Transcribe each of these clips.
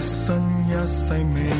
一生一世未。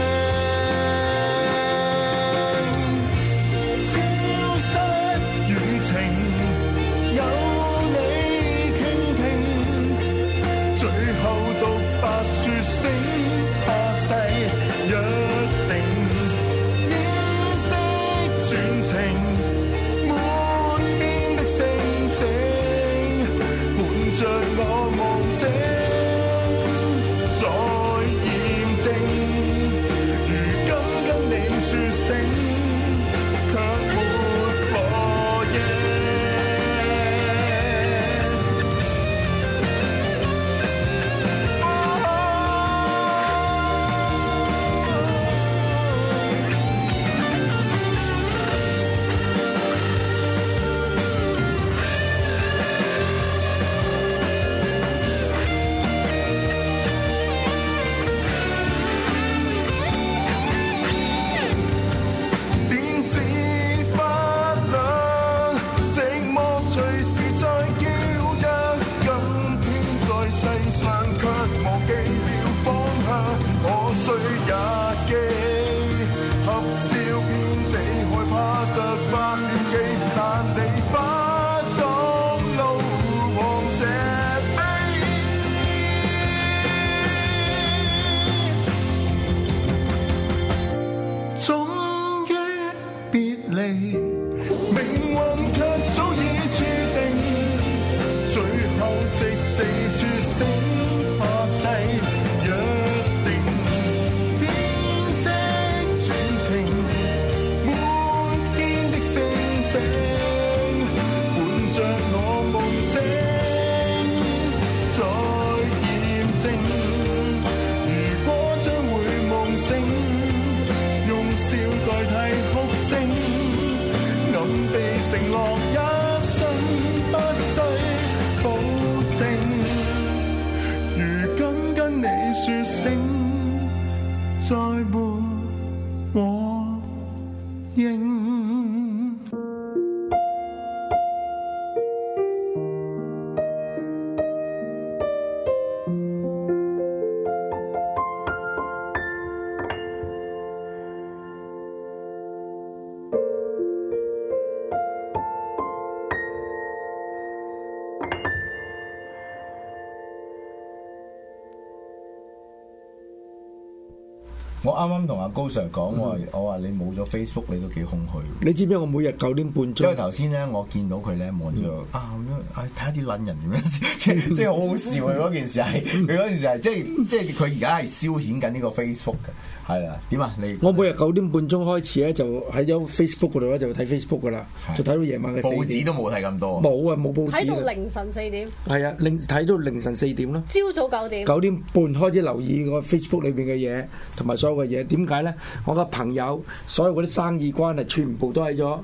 啱啱同阿高 Sir 講我話，你冇咗 Facebook 你都幾空虛。你知唔知我每日九點半鐘？因為頭先咧，我見到佢咧望住啊睇下啲撚人點樣，即即好好笑啊！嗰件事係，佢嗰件事係即即佢而家係消遣緊呢個 Facebook 嘅。係啊，點啊？你我每日九點半鐘開始咧，的就喺咗 Facebook 嗰度咧就睇 Facebook 噶啦，就睇到夜晚嘅四點，報紙都冇睇咁多，冇啊冇報紙睇到凌晨四點，係啊，睇 到凌晨四點咯，朝早九點九點半開始留意個 Facebook 裏邊嘅嘢同埋所有嘅。嘢點解咧？我嘅朋友所有嗰啲生意關係全部都喺咗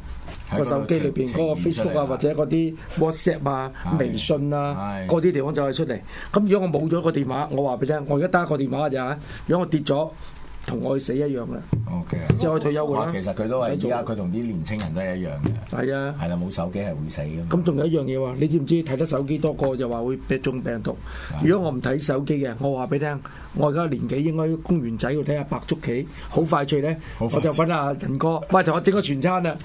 個手機裏邊嗰個，個 Facebook 啊，或者嗰啲 WhatsApp 啊、的微信啊，嗰啲的地方就係出嚟。咁如果我冇咗個電話，我話俾你聽，我而家打個電話話啫，如果我跌咗，同愛死一樣嘅，即係可以退休啦。其實佢都係依家佢同啲年青人都係一樣嘅。係啊，係啦，冇手機係會死嘅。咁仲有一樣嘢喎，你知唔知睇得手機多過就話會俾中病毒？如果我唔睇手機嘅，我話俾你聽，我而家年紀應該公園仔要睇下白竹棋，好快脆咧。我就揾阿仁哥，喂，同我整個全餐啊！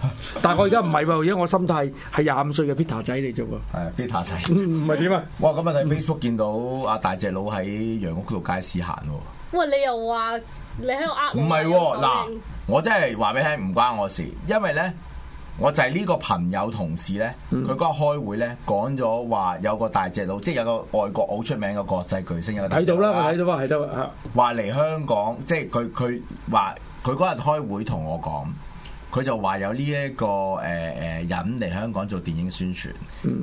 但係我而家唔係喎，而家我心態係廿五歲嘅 Peter 仔嚟啫喎。係 Peter 仔，唔係點啊？哇！咁啊，喺 Facebook 見到阿大隻佬喺楊屋道街市行喎。喂！你又話？你喺度呃，唔係，嗱，我真係話俾你聽，唔關我事，因為咧，我就係呢個朋友同事咧，佢嗰日開會咧，講咗話有個大隻佬，即係有個外國好出名嘅國際巨星。睇到啦，我睇到啊？睇到啊，話嚟香港，即係佢佢話佢嗰日開會同我講，佢就話有呢一個誒誒人嚟香港做電影宣傳，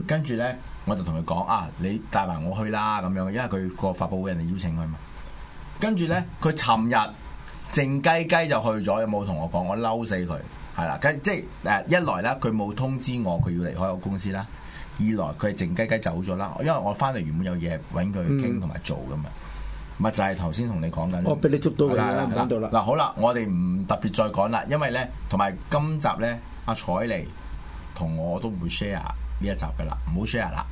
跟住咧我就同佢講啊，你帶埋我去啦咁樣，因為佢個發佈會人哋邀請佢嘛。跟住咧，佢尋日靜雞雞就去咗，又有冇同我講？我嬲死佢，係啦，即係誒一來咧，佢冇通知我佢要離開我公司啦；二來佢係靜雞雞走咗啦，因為我翻嚟原本有嘢揾佢傾同埋做噶嘛，咪、嗯、就係頭先同你講緊。我俾你捉到啦，嗱好啦，我哋唔特別再講啦，因為咧，同埋今集咧，阿采妮同我都唔會 share 呢一集噶啦，唔好 share 啦，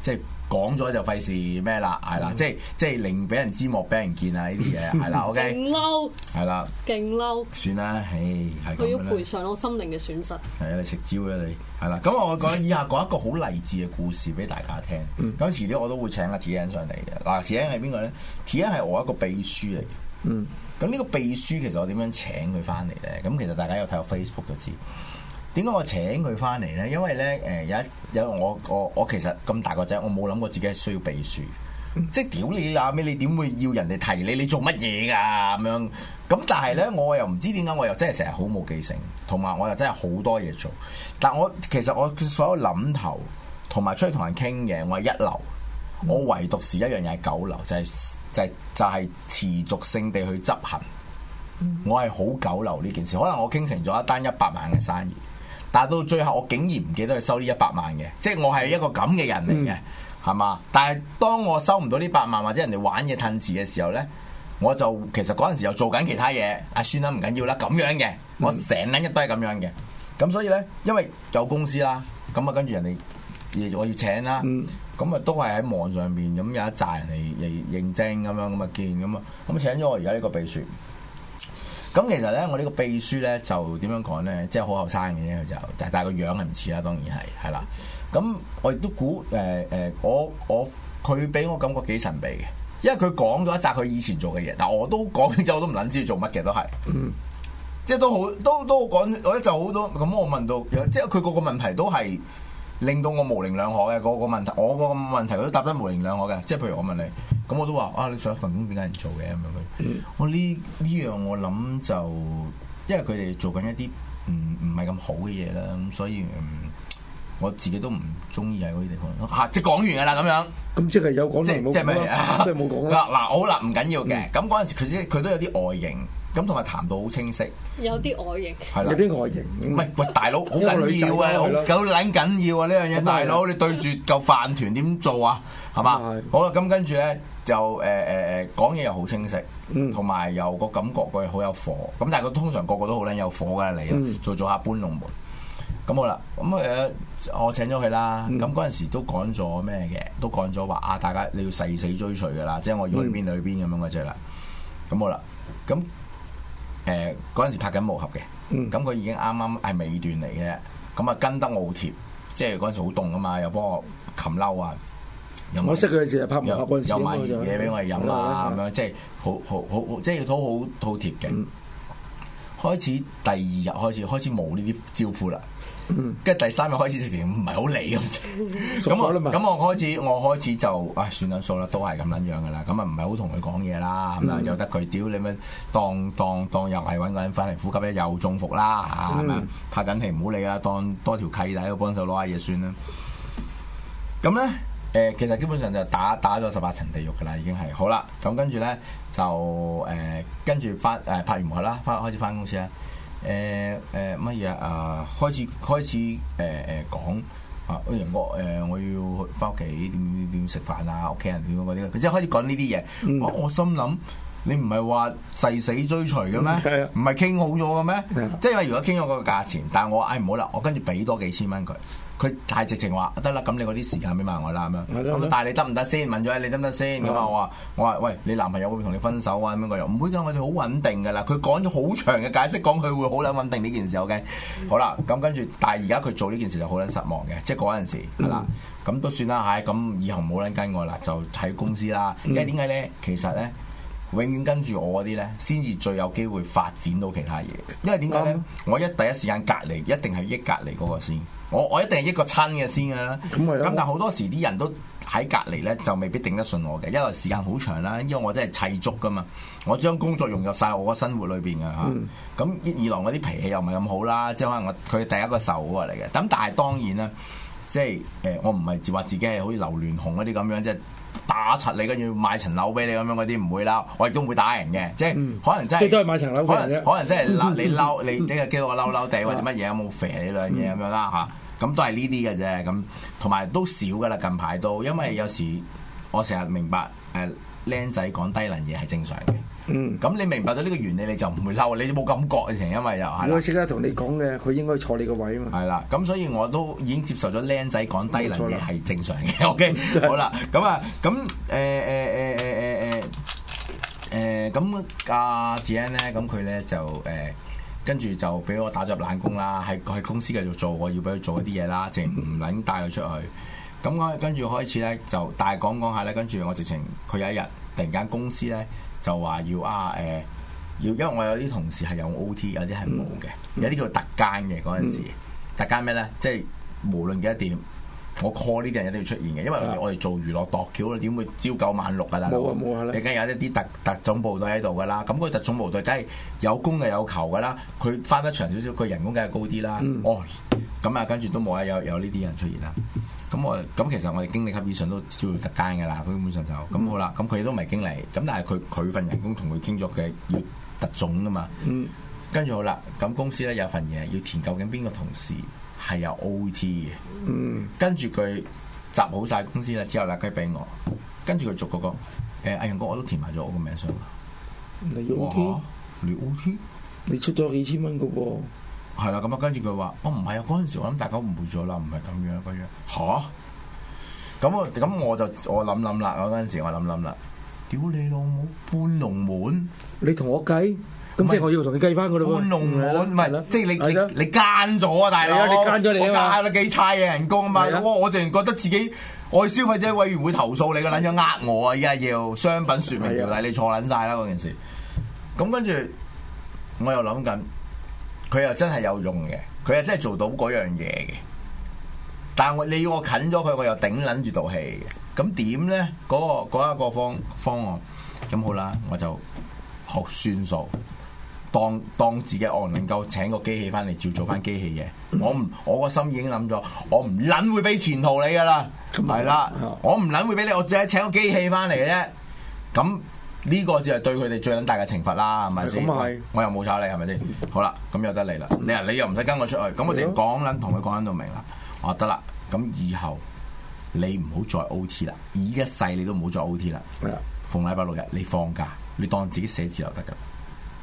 即係。講咗就費事咩啦，係啦、嗯，即係即係令俾人知莫俾人見啊！呢啲嘢係啦，OK，勁嬲，係啦，勁嬲，算啦，唉，係佢要賠償我心靈嘅損失。係啊，你食蕉嘅你係啦。咁我講以下講一個好勵志嘅故事俾大家聽。咁、嗯、遲啲我都會請阿 Tian 上嚟嘅。嗱，Tian 係邊個咧？Tian 係我一個秘書嚟嘅。嗯，咁呢個秘書其實我點樣請佢翻嚟咧？咁其實大家有睇我 Facebook 就知。點解我請佢翻嚟呢？因為呢，誒有一有我我我其實咁大個仔，我冇諗過自己係需要秘書。嗯、即係屌你啊！咩你點會要人哋提你？你做乜嘢㗎？咁樣咁，但係呢，我又唔知點解，我又真係成日好冇記性，同埋我又真係好多嘢做。但我其實我所有諗頭同埋出去同人傾嘅，我係一流。嗯、我唯獨是一樣嘢係九流，就係、是、就係、就係、持續性地去執行。嗯、我係好九流呢件事。可能我傾成咗一單一百萬嘅生意。但到最後，我竟然唔記得佢收呢一百萬嘅，即係我係一個咁嘅人嚟嘅，係嘛、嗯？但係當我收唔到呢百萬或者人哋玩嘢吞蝕嘅時候咧，我就其實嗰陣時又做緊其他嘢。啊，算啦，唔緊要啦，咁樣嘅，我成日都係咁樣嘅。咁、嗯、所以咧，因為有公司啦，咁啊跟住人哋，我要請啦，咁啊、嗯、都係喺網上面，咁有一紮人嚟認認證咁樣，咁啊見，咁啊，咁啊請咗我而家呢個秘書。咁其實咧，我呢個秘書咧就點樣講咧，即係好後生嘅啫，就但但個樣係唔似啦，當然係係啦。咁我亦都估，誒誒，我我佢俾我感覺幾神秘嘅，因為佢講咗一紮佢以前做嘅嘢，但我都講咗，我都唔撚知做乜嘅都係，嗯、即係都好都都講，我咧就好多咁，我問到，即係佢個個問題都係。令到我模棱兩可嘅嗰、嗰個問題，我個問題佢都答得模棱兩可嘅，即係譬如我問你，咁我都話啊，你上份工點解唔做嘅咁樣佢？嗯、我呢呢樣我諗就，因為佢哋做緊一啲唔唔係咁好嘅嘢啦，咁所以、嗯、我自己都唔中意喺嗰啲地方嚇、啊。即係講完㗎啦，咁樣。咁即係有講，即係 即係冇講啦。嗱，好啦，唔緊要嘅。咁嗰陣時佢佢都有啲外形。咁同埋談到好清晰，有啲外型，有啲外形，唔係喂，大佬好緊要啊，好撚緊要啊！呢樣嘢，大佬你對住嚿飯團點做啊？係嘛？好啦，咁跟住咧就誒誒誒講嘢又好清晰，同埋又個感覺佢好有火，咁但係佢通常個個都好撚有火㗎，你做咗下搬龍門，咁好啦，咁誒我請咗佢啦，咁嗰陣時都講咗咩嘅，都講咗話啊，大家你要誓死追隨㗎啦，即係我要去邊去邊咁樣嘅啫啦，咁好啦，咁。誒嗰陣時拍緊武俠嘅，咁佢已經啱啱係尾段嚟嘅，咁啊跟得我貼，即係嗰陣時好凍啊嘛，又幫我冚褸啊，我識佢嗰陣時拍又買完嘢俾我哋飲啊，咁樣即係好好好即係都好好貼嘅。嗯、開始第二日開始開始冇呢啲招呼啦。跟住、嗯、第三日開始食嘢，唔係好理咁。咁 我咁開始，我開始就，啊，算啦數啦，都係咁樣樣噶啦。咁啊，唔係好同佢講嘢啦。咁啊，由得佢，屌你咪當當當，當當又係搵個人返嚟呼吸咧，又中伏啦，吓、嗯、拍緊戲，唔好理啦，當多條契弟喺度幫手攞下嘢算啦。咁咧，誒、呃，其實基本上就打打咗十八層地獄噶啦，已經係好啦。咁跟住咧就誒，跟、呃、住發誒、呃、拍完活啦，開開始返公司啦。誒誒乜嘢啊？開始開始誒誒、呃、講啊、呃！我誒我要去翻屋企點點點食飯啊！屋企人點樣嗰啲，佢即係開始講呢啲嘢。我我心諗你唔係話誓死追隨嘅咩？唔係傾好咗嘅咩？嗯、即係話如果傾咗個價錢，但係我嗌唔好啦，我跟住俾多幾千蚊佢。佢太直情話得啦，咁你嗰啲時間俾埋我啦，咁樣咁但係你得唔得先？問咗你得唔得先咁啊？我話我話喂，你男朋友會唔會同你分手啊？咁樣嗰樣唔會噶，我哋好穩定噶啦。佢講咗好長嘅解釋，講佢會好撚穩定呢件事有嘅。Okay? 好啦，咁跟住，但係而家佢做呢件事就好撚失望嘅，即係嗰陣時係啦。咁、嗯、都算啦，唉、哎，咁以後唔好撚跟我啦，就喺公司啦。因為點解咧？其實咧，永遠跟住我嗰啲咧，先至最有機會發展到其他嘢。因為點解咧？嗯、我一第一時間隔離，一定係益隔離嗰個先。我我一定係一個親嘅先㗎啦。咁但係好多時啲人都喺隔離咧，就未必定得順我嘅，因為時間好長啦，因為我真係砌足噶嘛，我將工作融入晒我嘅生活裏邊嘅嚇。咁二郎嗰啲脾氣又唔係咁好啦，即係可能我佢第一個仇啊嚟嘅。咁但係當然啦，即係誒我唔係話自己係好似劉鑾雄嗰啲咁樣，即、就、係、是、打柒你跟住買層樓俾你咁樣嗰啲唔會啦，我亦都唔會打人嘅，即係可能真係即係都係買層樓可能、嗯、可能真係嬲、嗯、你嬲你，你又叫我嬲嬲地或者乜嘢有冇肥你兩嘢咁樣啦嚇。啊啊啊啊啊啊啊啊咁都係呢啲嘅啫，咁同埋都少噶啦。近排都，因為有時我成日明白，誒僆仔講低能嘢係正常嘅。嗯，咁你明白咗呢個原理，你就唔會嬲，你冇感覺嘅成，因為又係啦。我識得同你講嘅，佢應該坐你個位啊嘛。係啦，咁所以我都已經接受咗僆仔講低能嘢係正常嘅。OK，好啦，咁啊，咁誒誒誒誒誒誒誒，誒咁阿 Dan 咧，咁佢咧就誒。跟住就俾我打咗入冷宮啦，喺喺公司繼續做，我要俾佢做一啲嘢啦，直情唔撚帶佢出去。咁我跟住開始呢，就大講一講一下呢。跟住我直情，佢有一日突然間公司呢，就話要啊誒，要因為我有啲同事係有 O.T. 有啲係冇嘅，有啲叫特間嘅嗰陣時，特間咩呢？即係無論幾多點。我 call 呢啲人一定要出現嘅，因為我哋做娛樂的度橋，點會朝九晚六啊？大佬、啊，啊、你梗係有一啲特特種部隊喺度噶啦，咁、個特種部隊梗係有工嘅、嗯哦，有求噶啦，佢翻得長少少，佢人工梗係高啲啦。咁啊，跟住都冇啊，有有呢啲人出現啦。咁我咁其實我哋經理級以上都做特間噶啦，基本上就咁好啦。咁佢都唔係經理，咁但係佢佢份人工同佢傾作嘅要特種噶嘛。嗯、跟住好啦，咁公司咧有份嘢要填，究竟邊個同事？係有 O T 嘅，跟住佢集好晒公司啦，之後攞雞俾我，跟住佢逐個講，誒阿楊哥，我都填埋咗我個名上啦。你 O T？你 O T？你出咗幾千蚊噶噃？係啦，咁啊，跟住佢話，我唔係啊，嗰陣時我諗大家誤會咗啦，唔係咁樣個樣。吓？咁我咁我就我諗諗啦，嗰陣時我諗諗啦。屌你老母，半龍門，你同我計？咁、啊、即係我要同嗎你計翻噶咯喎，搬弄、啊、我，嗎我，唔係，即係你你你奸咗啊！大佬，我我奸咗你啊嘛，幾差嘅人工啊嘛，我我仲覺得自己我去消費者委員會投訴你個卵樣呃我啊，依家要商品說明條例，嗎你錯卵晒啦嗰件事。咁嗎跟住我又諗緊，佢又真係有用嘅，佢又真係做到嗰樣嘢嘅。但係我你要我近咗佢，我又頂卵住道氣嘅。咁點咧？嗰、那個嗰一個方方案，咁好啦，好我就學算數。當當自己我能夠請個機器翻嚟照做翻機器嘅。我唔我個心已經諗咗，我唔捻會俾前途你噶啦，係啦這樣 的，我唔捻會俾你，我只係請個機器翻嚟嘅啫。咁呢、這個就係對佢哋最捻大嘅懲罰啦，係咪先？嗯嗯、我又冇炒你，係咪先？好啦，咁又得你啦，你啊你又唔使跟我出去，咁我哋講捻同佢講捻到明啦，我話得啦，咁以後你唔好再 O T 啦，依一世你都唔好再 O T 啦，嗯、逢禮拜六日你放假，你當自己寫字樓得噶。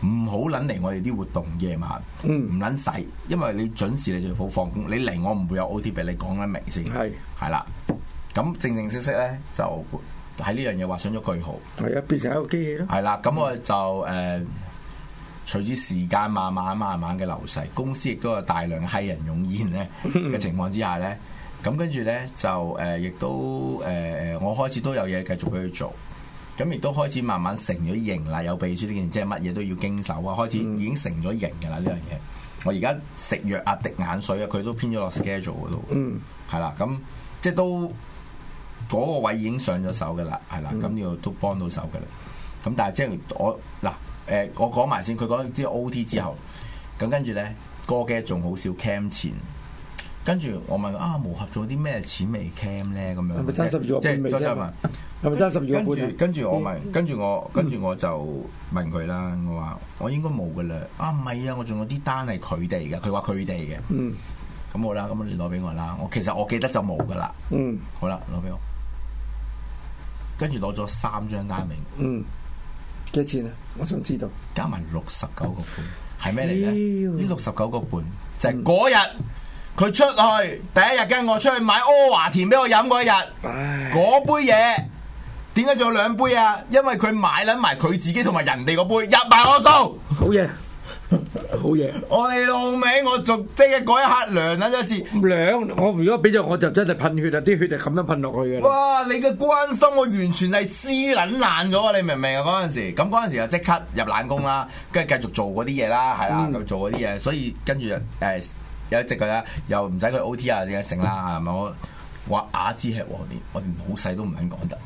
唔好撚嚟我哋啲活動夜晚，唔撚使，因為你準時你就好放工，你嚟我唔會有 O T 俾你，講得明先。係係啦，咁正正式式咧就喺呢樣嘢畫上咗句號。係啊，變成一個機器咯。係啦，咁我就誒、呃、隨住時間慢慢慢慢嘅流逝，公司亦都有大量嘅閪人湧現咧嘅情況之下咧，咁 跟住咧就誒亦、呃、都誒、呃、我開始都有嘢繼續俾佢做。咁亦都開始慢慢成咗型啦，有秘書呢件即係乜嘢都要經手啊，開始已經成咗型嘅啦呢樣嘢。嗯、我而家食藥啊、滴眼水啊，佢都編咗落 schedule 嗰度。嗯，係啦，咁即係都嗰個位已經上咗手嘅啦，係啦，咁呢、嗯、個都幫到手嘅啦。咁但係即係我嗱，誒，我講埋先，佢講完之後 OT 之後，咁跟住咧個嘅仲好少 cam 錢。跟住我問啊，磨合咗啲咩錢未 cam 咧？咁樣即係即係再加埋，係咪三十個半？跟住跟住我問，跟住我跟住我就問佢啦。我話我應該冇噶啦。啊唔係啊，我仲有啲單係佢哋嘅。佢話佢哋嘅。咁好啦，咁你攞俾我啦。我其實我記得就冇噶啦。嗯，好啦，攞俾我。跟住攞咗三張單明。嗯，幾錢啊？我想知道。加埋六十九個半係咩嚟嘅？呢六十九個半就係嗰日。佢出去第一日跟我出去買阿華田俾我飲嗰一日，嗰唉杯嘢，點解仲有兩杯啊？因為佢買捻埋佢自己同埋人哋個杯入埋我數，好嘢，好嘢。我哋老味，我仲即係嗰一刻涼捻一次涼。我如果俾咗我就真係噴血啦，啲血就咁樣噴落去嘅。哇！你嘅關心我完全係撕捻爛咗啊！你明唔明啊？嗰陣時咁嗰陣時就即刻入冷宮啦，跟住繼續做嗰啲嘢啦，係啦、啊，去做嗰啲嘢，所以跟住誒。欸欸有一隻噶啦，又唔使佢 O T 啊，啲嘢成啦，係咪？我話啞子吃黃連，我連老細都唔肯講得的。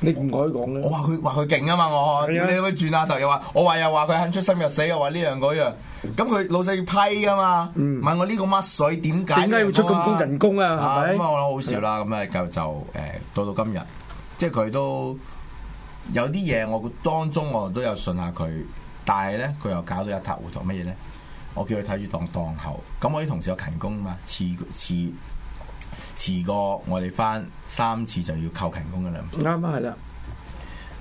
你唔改講我話佢話佢勁啊嘛，我叫你去轉下頭又話，我話又話佢肯出生入死又話呢樣嗰樣，咁佢老細要批啊嘛。問我呢個乜水點解點解要出咁高人工啊？係咁啊？我諗好笑啦，咁啊的就就誒、欸、到到今日，即係佢都有啲嘢，我當中我都有信下佢，但係咧佢又搞到一塌糊塗呢，乜嘢咧？我叫佢睇住檔檔口，咁我啲同事有勤工嘛，遲遲遲過我哋返三次就要扣勤工嘅兩次噶啦。啱啱係啦。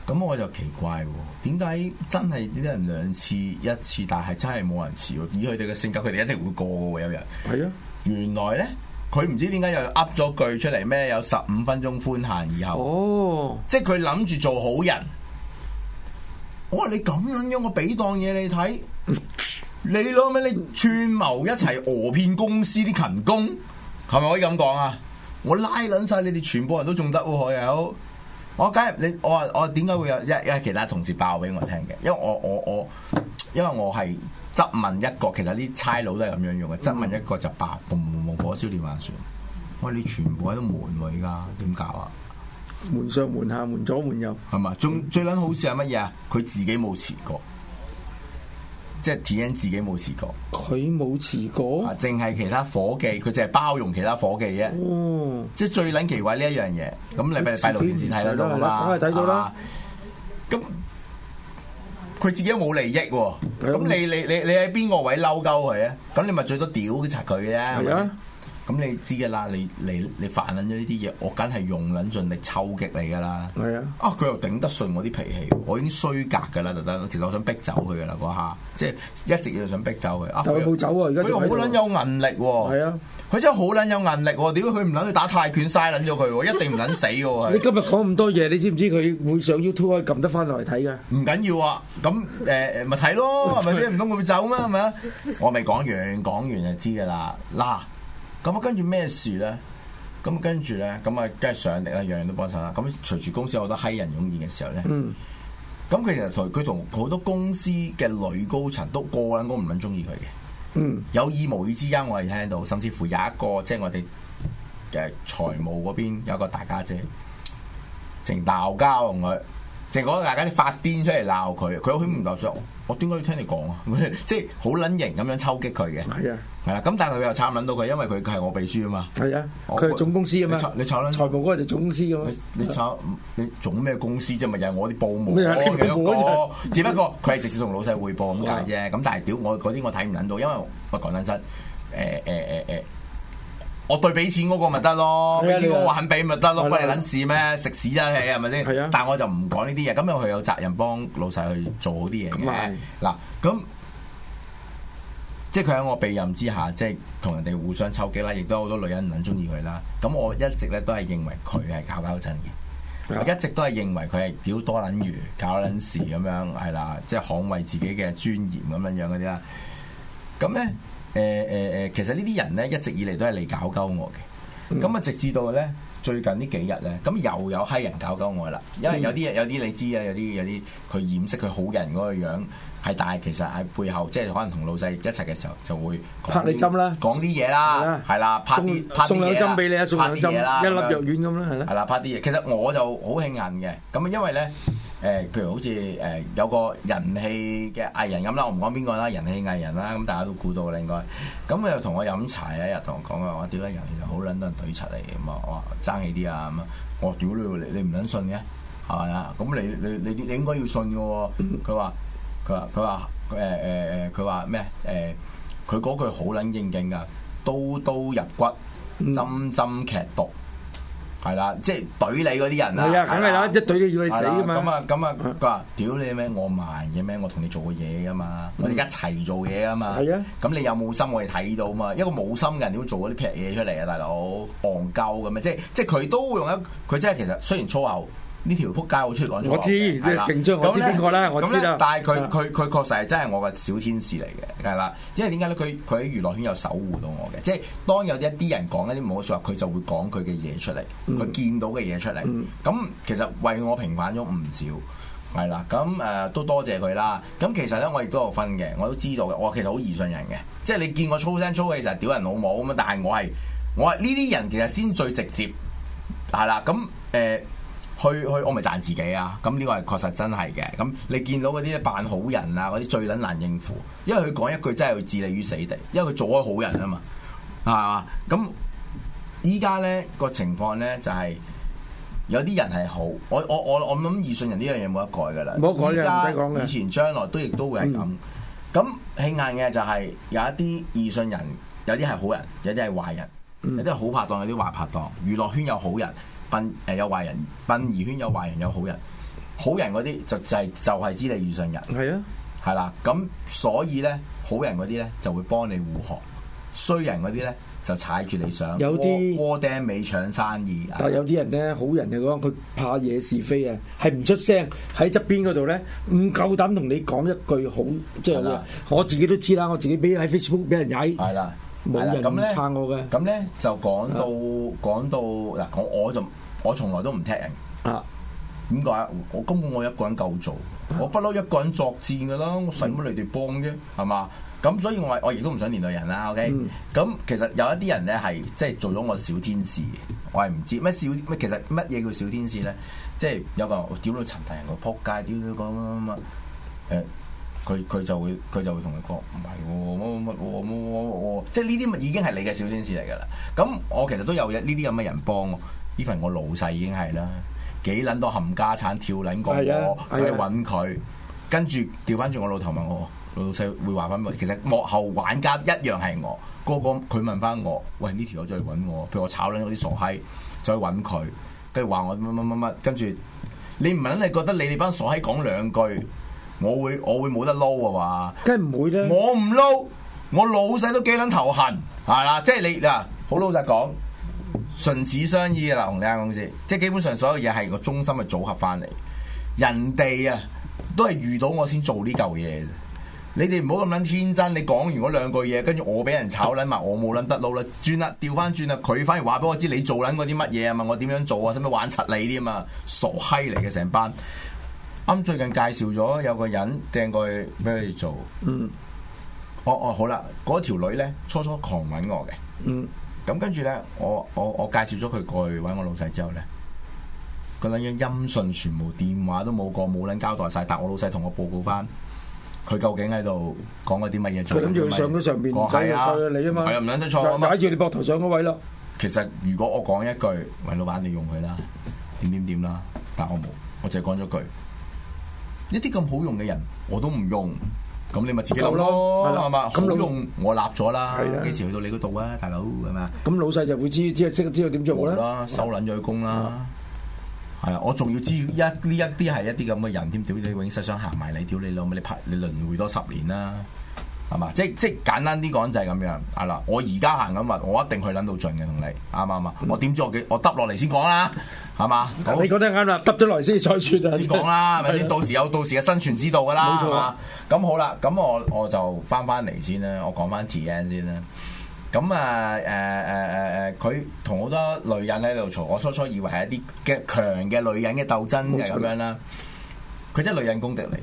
咁 我就奇怪，哦，點解真係啲人兩次一次，但係真係冇人遲？以佢哋嘅性格，佢哋一定會過嘅喎，有人。係啊，原來咧，佢唔知點解又噏咗句出嚟咩？有十五分鐘寬限以後，哦，即係佢諗住做好人。我話你咁樣樣，我俾檔嘢你睇。 你咯咩？你串謀一齊訛騙公司啲勤工，係咪可以咁講啊？我拉捻晒你哋全部人都中得，我有我今日你我話我點解會有一日其他同事爆俾我，我聽嘅？因為我我我因為我係質問一個，其實啲差佬都係咁樣用嘅。質問一個就爆，無無火燒連環船。我、哎、話你全部喺度瞞位而家點搞啊？瞞上瞞下，瞞左瞞右。係咪？仲最捻好笑係乜嘢啊？佢自己冇遲過。即係點解自己冇試過，過？佢冇試過，淨係其他伙計，佢淨係包容其他伙計啫。哦、即係最撚奇怪呢一樣嘢。咁你咪拜六年先睇得到噶啦。咁佢、啊啊啊、自己都冇利益喎。咁以你你你你喺邊個位嬲鳩佢啊？咁你咪最多屌佢柒佢嘅啫。咁、嗯、你知噶啦，你你你犯撚咗呢啲嘢，我梗係用撚盡力抽擊你噶啦。係啊，啊佢又頂得順我啲脾氣，我已經衰格噶啦，就其實我想逼走佢噶啦嗰下，即係一直又想逼走佢。佢、啊、冇走啊，而家佢好撚有韌力喎。係啊，佢、啊、真係好撚有韌力喎、啊。點解佢唔撚去打泰拳嘥撚咗佢喎？ 一定唔撚死嘅、啊、喎。你今日講咁多嘢，你知唔知佢會上 YouTube 撳得翻落嚟睇噶？唔緊要啊，咁誒咪睇咯，係咪先？唔通佢會走咩？係咪啊？我未講完，講完就知噶啦。嗱。咁啊，跟住咩事咧？咁跟住咧，咁啊，跟係上力啦，樣樣都幫手啦。咁隨住公司好多閪人湧現嘅時候咧，咁、嗯、其實佢佢同好多公司嘅女高層都個 i n 唔肯中意佢嘅。有意無意之間，我哋聽到，甚至乎有一個即係、就是、我哋嘅財務嗰邊有一個大家姐，成鬧交同佢。成個大家都發癲出嚟鬧佢，佢好唔夠熟，我點解要聽你講啊？即係好撚型咁樣抽擊佢嘅。係啊，係啦，咁但係佢又炒唔撚到佢，因為佢係我秘書啊嘛。係啊，佢係總公司啊嘛。你炒你炒撚？財務嗰個就總公司。你你總咩公司啫？咪就係我啲部門，只不過佢係直接同老細匯報咁解啫。咁但係屌我嗰啲我睇唔撚到，因為不講撚真。誒誒誒誒。我對俾錢嗰個咪得咯，俾、啊、錢嗰個肯俾咪得咯，啊、關你撚事咩？啊、食屎啦你係咪先？是是啊、但係我就唔講呢啲嘢，咁又佢有責任幫老細去做好啲嘢嘅。嗱、啊，咁、啊、即係佢喺我避任之下，即係同人哋互相抽機啦，亦都好多女人唔肯中意佢啦。咁我一直咧都係認為佢係搞搞震嘅，我一直都係認為佢係屌多撚魚搞撚事咁樣係啦，即係、啊就是、捍衞自己嘅尊嚴咁樣樣嗰啲啦。咁咧。誒誒誒，其實呢啲人咧，一直以嚟都係嚟搞鳩我嘅。咁啊、嗯，直至到咧最近呢幾日咧，咁又有閪人搞鳩我啦，因為有啲、嗯、有啲你知啊，有啲有啲佢掩飾佢好人嗰個樣係，但係其實喺背後，即係可能同老細一齊嘅時候就會拍你針啦，講啲嘢啦，係的啦，拍啲送兩針俾你啊，送兩針一粒藥丸咁啦，係啦樣，係啦，拍啲嘢。其實我就好慶幸嘅，咁啊，因為咧。嗯誒，譬如好似誒有個人氣嘅藝人咁啦，我唔講邊個啦，人氣藝人啦，咁大家都估到啦應該。咁佢又同我飲茶啊，又同我講啊，我屌啦，人氣好撚多出嚟，咁啊，爭氣啲啊咁啊，我屌你，你唔撚信嘅，係咪啊？咁你你你你應該要信嘅喎。佢話佢話佢話誒誒誒，佢話咩？誒，佢嗰句好撚應景㗎，刀刀入骨，針針劇毒。係啦， 即係懟你嗰啲人啦，係啊，梗係啦，一懟你要你死啊嘛！咁啊咁啊，佢話屌你咩？我慢嘅咩？我同你做嘢噶嘛，我哋一齊做嘢噶嘛。係啊，咁你有冇心我哋睇到啊嘛？It, 一個冇心嘅人點會做嗰啲劈嘢出嚟啊？大佬戇鳩咁啊！即係即係佢都會用一，佢真係其實雖然粗口。呢條撲街好出嚟，講錯嘅係啦。咁呢個咧，我知但係佢佢佢確實係真係我嘅小天使嚟嘅，係啦。因為點解咧？佢佢喺娛樂圈有守護到我嘅，即係當有一啲人講一啲唔好嘅説話，佢就會講佢嘅嘢出嚟，佢見到嘅嘢出嚟。咁其實為我平反咗唔少，係啦。咁誒都多謝佢啦。咁其實咧，我亦都有分嘅，我都知道嘅。我其實好易信人嘅，即係你見我粗聲粗氣就係屌人老母咁啊！但係我係我係呢啲人，其實先最直接係啦。咁誒。去去我咪讚自己啊！咁呢個係確實真係嘅。咁你見到嗰啲扮好人啊，嗰啲最撚難應付，因為佢講一句真係會置你於死地，因為佢做咗好人啊嘛，係嘛？咁依家呢個情況呢，就係、是、有啲人係好，我我我諗易信人呢樣嘢冇得改噶啦，冇改在以前、將來都亦都會係咁。咁慶、嗯、幸嘅就係、是、有一啲易信人，有啲係好人，有啲係壞人，嗯、有啲好拍檔，有啲壞拍檔。娛樂圈有好人。殯誒有壞人，殯儀圈有壞人有好人，好人嗰啲就係、就係就係知你遇上人，係是啊，係啦，咁所以咧，好人嗰啲咧就會幫你護航，衰人嗰啲咧就踩住你上。有啲過釘尾搶生意。但係有啲人咧，好人就講，佢怕惹是非啊，係唔出聲，喺側邊嗰度咧，唔夠膽同你講一句好，即係啦，的我自己都知啦，我自己俾喺 Facebook 俾人踩。冇人撐我嘅、嗯，咁咧、嗯、就講到、啊、講到嗱、啊，我我就我從來都唔踢人啊。點解？我根本我一個人夠做，我不嬲一個人作戰嘅啦。我使乜你哋幫啫，係嘛、嗯？咁所以我我亦都唔想連累人啦。OK，咁、嗯嗯、其實有一啲人咧係即係做咗我小天使，我係唔知乜小乜其實乜嘢叫小天使咧，即、就、係、是、有個屌到陳達仁個撲街屌到咁乜乜樣。佢佢就會佢就會同佢講，唔係喎，乜乜乜，即係呢啲已經係你嘅小天使嚟㗎啦。咁我其實都有呢啲咁嘅人幫我。呢份我老細已經係啦，幾撚多冚家產跳撚過我，就、yeah, yeah , yeah. 去揾佢。跟住調翻轉我老頭問我老老細會話翻乜？其實幕後玩家一樣係我。個個佢問翻我，喂、hey, 呢條友再揾我，譬如我炒撚嗰啲傻閪，再揾佢，跟住話我乜乜乜乜。跟住你唔撚係覺得你哋班傻閪講兩句。我會我會冇得撈啊嘛，梗係唔會啦！我唔撈，我老細都幾撚頭痕，係啦，即係你嗱，好老實講，唇齒相依啦，同你間公司，即係基本上所有嘢係個中心嘅組合翻嚟，人哋啊都係遇到我先做呢嚿嘢，你哋唔好咁撚天真，你講完嗰兩句嘢，跟住我俾人炒撚埋，我冇撚得撈啦，轉啦、啊，調翻轉啦，佢反而話俾我知你，你做撚嗰啲乜嘢啊，問我點樣做啊，使唔使玩柒你啲啊嘛，傻閪嚟嘅成班。啱最近介紹咗有個人掟過去俾佢做，嗯，哦哦好啦，嗰條女咧初初狂搵我嘅，嗯，咁跟住咧我我我介紹咗佢過去搵我老細之後咧，個女人音訊全無，電話都冇過冇撚交代晒，但我老細同我報告翻，佢究竟喺度講緊啲乜嘢？佢諗住上咗上邊，係啊，啊啊你啊嘛，係唔撚使錯啊嘛，擺住你膊頭上嗰位咯。其實如果我講一句，喂老闆你用佢啦，點點點啦，但我冇，我淨係講咗句。一啲咁好用嘅人我都唔用，咁你咪自己諗咯，係嘛？好用我立咗啦，幾時去到你嗰度啊，大佬，係嘛？咁老細就會知，即係識知道點做啦。冇啦，收撚咗去工啦。係啊，我仲要知一呢一啲係一啲咁嘅人添，屌你永世想行埋你，屌你老味，你拍你輪迴多十年啦。係嘛，即即簡單啲講就係咁樣，係啦。我而家行緊運，我一定去撚到盡嘅，同你啱唔啱？我點知我幾？我耷落嚟先講啦，係嘛？你覺得啱啦，耷咗落嚟先再算啊！先講啦，咪先吧 到時有到時嘅生存之道噶啦，係嘛錯？咁好啦，咁我我就翻翻嚟先啦，我講翻 T N 先啦。咁啊誒誒誒誒，佢同好多女人喺度嘈，我初初以為係一啲嘅強嘅女人嘅鬥爭嘅咁樣啦，佢真係女人公敵嚟。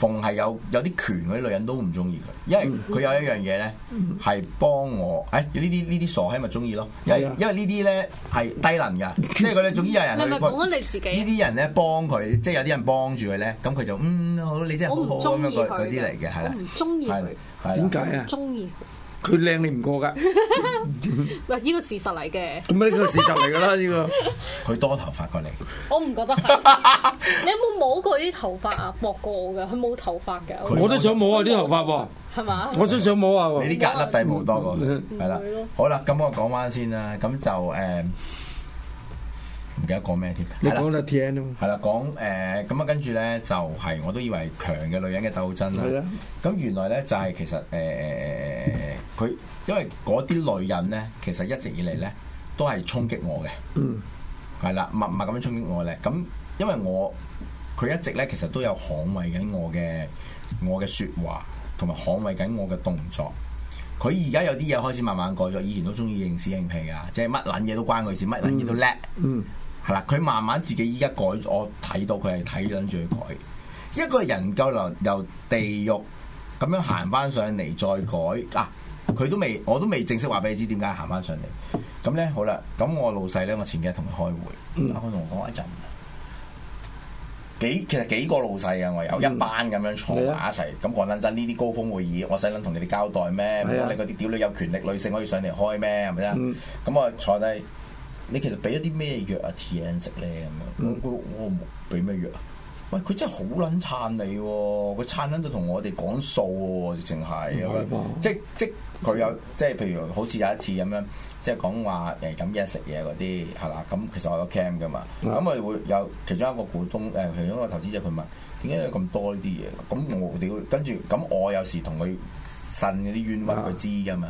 逢係有有啲權嗰啲女人都唔中意佢，因為佢有一樣嘢咧，係、嗯、幫我。誒呢啲呢啲傻閪咪中意咯，因為因為呢啲咧係低能噶，嗯、即係佢咧。總之有人咧，呢啲人咧幫佢，即係有啲人幫住佢咧，咁佢就嗯好，你真係好好咁樣嗰啲嚟嘅，係啦，唔中意，點解啊？佢靚你唔過噶，喂，呢個事實嚟嘅。咁呢個事實嚟噶啦，呢個佢多頭髮過你。我唔覺得 你有冇摸過啲頭髮啊？薄過我噶，佢冇頭髮嘅。我都想摸啊，啲頭髮喎。係嘛？我都想摸啊，你啲格甩底冇多過。係啦，好啦，咁我講翻先啦，咁就誒。唔記得講咩添？你講到 T N 係啦，講誒，咁啊，跟住咧就係、是、我都以為強嘅女人嘅鬥爭係啦。咁的原來咧就係、是、其實誒佢、呃、因為嗰啲女人咧，其實一直以嚟咧都係衝擊我嘅，嗯，係啦，默默咁樣衝擊我咧。咁因為我佢一直咧其實都有捍衛緊我嘅我嘅説話同埋捍衛緊我嘅動作。佢而家有啲嘢開始慢慢改咗，以前都中意認屎認屁啊，即係乜撚嘢都關佢事，乜撚嘢都叻，嗯。嗯。係啦，佢、嗯、 慢慢自己依家改咗。我睇到佢係睇緊住佢改。一個人夠能由地獄咁樣行翻上嚟再改，嗱、啊、佢都未，我都未正式話俾你知點解行翻上嚟。咁咧好啦，咁我老細咧，我前幾日同佢開會，佢同、嗯、我講一陣。幾其實幾個老細啊？我有一班咁樣坐埋一齊。咁講、嗯、真真，呢啲高峰會議，我使捻同你哋交代咩？咁你嗰啲屌女有權力女性可以上嚟開咩？係咪先？咁我坐低。你其實俾咗啲咩藥啊 T N 食咧咁樣，我我我俾咩藥啊！嗯哦、藥喂，佢真係好撚撐你喎、啊，佢撐撚都同我哋講數喎、啊，直情係即即佢有即係譬如好似有一次咁樣，即係講話誒飲嘢食嘢嗰啲係啦。咁其實我有 cam 噶嘛，咁咪、嗯、會有其中一個股東誒其中一個投資者佢問：點解有咁多呢啲嘢？咁、嗯嗯、我哋跟住咁我有時同佢呻嗰啲冤屈，佢知噶嘛。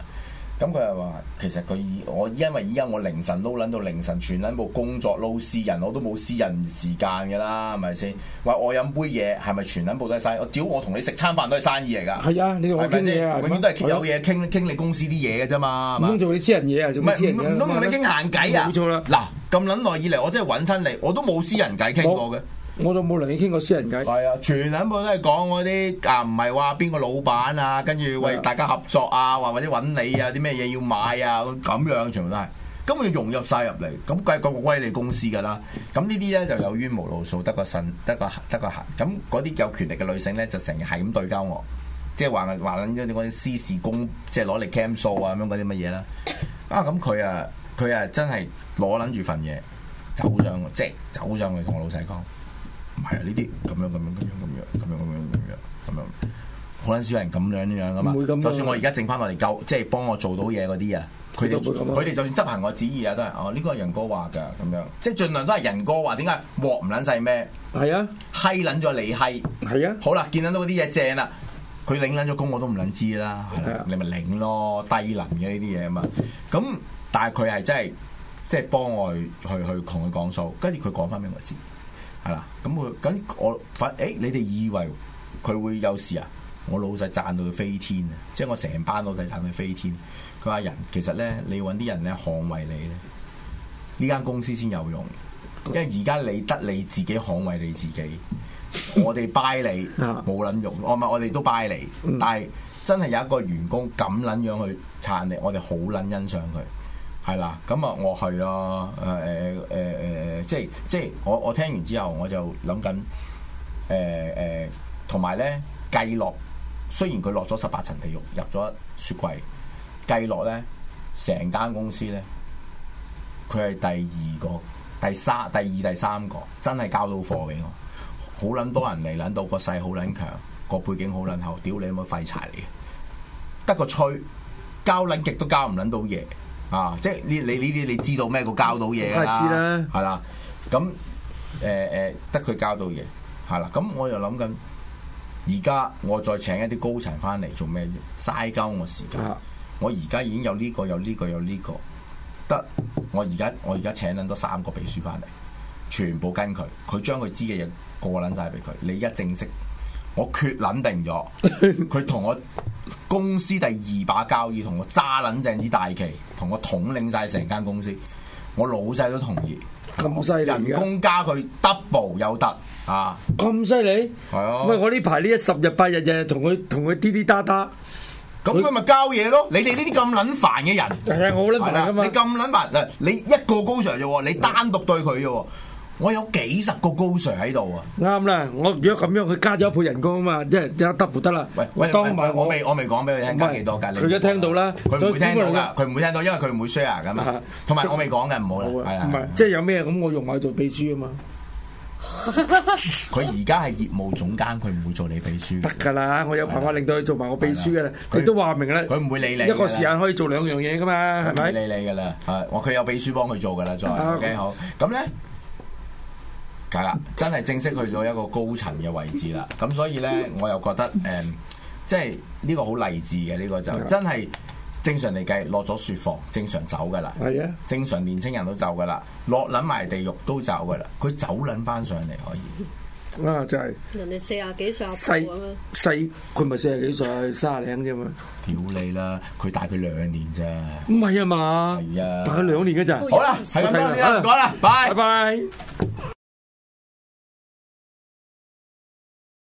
咁佢又話：其實佢我因為而家我凌晨都撚到凌晨，全撚部工作，撈私人我都冇私人時間㗎啦，係咪先？話我飲杯嘢係咪全撚部都係生意？我屌我同你食餐飯都係生意嚟㗎。係啊，你我傾嘢，永遠都係嗎有嘢傾傾你公司啲嘢嘅啫嘛。咁做你私人嘢啊？做唔通同你傾閒偈啊？嗱，咁撚耐以嚟，我真係揾親你，我都冇私人偈傾過嘅。嗯我就冇同你傾過私人偈。係啊，全部都係講嗰啲啊，唔係話邊個老闆啊，跟住喂大家合作啊，或或者揾你啊啲咩嘢要買啊咁樣全，全部都係。咁佢融入晒入嚟，咁計個威利公司噶啦。咁呢啲咧就有冤無路訴，得個信，得個得個恨。咁嗰啲有權力嘅女性咧，就成日係咁對交我，即係話話緊啲私事公，即係攞嚟 cam show 啊咁樣嗰啲乜嘢啦。啊，咁佢啊佢啊真係攞撚住份嘢走上，即係走上去同我老細講。係啊，呢啲咁樣咁樣咁樣咁樣咁樣咁樣咁樣咁樣，好撚少人咁樣樣噶嘛？就算我而家剩翻我哋救，即係幫我做到嘢嗰啲啊，佢哋佢哋就算執行我旨意、哦、樣啊，都係哦，呢個係人哥話噶咁樣，即係盡量都係人哥話。點解獲唔撚晒咩？係啊，欺撚咗你係，係啊。好啦，見到到嗰啲嘢正啦，佢領撚咗工我都唔撚知啦，係啦、啊啊，你咪領咯，低能嘅呢啲嘢啊嘛。咁但係佢係真係即係幫我去去去同佢講數，跟住佢講翻俾我知。係啦，咁我咁我反，誒、 嗯欸，你哋以為佢會有事啊？我老細讚到佢飛天啊！即係我成班老細讚佢飛天。佢話人其實咧，你搵啲人咧捍衛你咧，呢間公司先有用。因為而家你得你自己捍衛你自己，我哋拜你冇撚 用。啊、我唔係我哋都拜你，但係真係有一個員工咁撚樣去撐你，我哋好撚欣賞佢。係啦，咁啊，我去咯，誒誒誒誒，即係即係，我我聽完之後，我就諗緊，誒、呃、誒、呃，同埋咧計落，雖然佢落咗十八層地獄，入咗雪櫃，計落咧成間公司咧，佢係第二個、第三、第二第三個，真係交到貨俾我，好撚多人嚟撚到個勢好撚強，個背景好撚厚，屌你係個廢柴嚟嘅，得個吹，交撚極都交唔撚到嘢。啊！即係呢？你呢啲你，你知道咩？佢交到嘢啦，梗知啦，係啦。咁誒誒，得佢交到嘢，係啦。咁我又諗緊，而家我再請一啲高層翻嚟做咩？嘥交我時間。的我而家已經有呢個，有呢個，有呢個。得我而家我而家請撚多三個秘書翻嚟，全部跟佢。佢將佢知嘅嘢過撚曬俾佢。你而家正式，我決撚定咗，佢同我公司第二把交椅，同我揸撚正支大旗。同我統領晒成間公司，我老細都同意，咁犀利，人工加佢 double 有得！啊！咁犀利係啊！喂，我呢排呢一十日八日日日同佢同佢滴滴答答，咁佢咪交嘢咯？你哋呢啲咁撚煩嘅人係啊，嗯嗯、我撚煩㗎嘛！你咁撚煩嗱、啊，你一個高 Sir 咋喎？你單獨對佢咋喎？的我有幾十個高 Sir 喺度啊！啱啦，我如果咁樣，佢加咗一倍人工啊嘛，即係得唔得啦。喂，當唔？我未我未講俾佢聽幾多佢都聽到啦，佢唔會聽到噶，佢唔會聽到，因為佢唔會 share 噶嘛。同埋我未講嘅唔好啦，即係有咩咁？我用我做秘書啊嘛。佢而家係業務總監，佢唔會做你秘書。得噶啦，我有辦法令到佢做埋我秘書噶啦。佢都話明啦，佢唔會理你。一個時間可以做兩樣嘢噶嘛？係咪？理你噶啦，佢有秘書幫佢做噶啦，再 OK 好。咁咧。梗啦，真係正式去咗一個高層嘅位置啦。咁 所以咧，我又覺得誒、嗯，即係呢、這個好勵志嘅呢個就 真係正常嚟計落咗雪房，正常走噶啦。係啊的，正常年輕人都走噶啦，落撚埋地獄都走噶啦。佢走撚翻上嚟可以啊，就係、是、人哋四啊幾歲，細細佢咪四啊幾歲，卅零啫嘛。屌你啦，佢大佢兩年咋？唔係啊嘛，係啊，大佢兩年嘅咋？好啦吧，唔該啦，拜拜。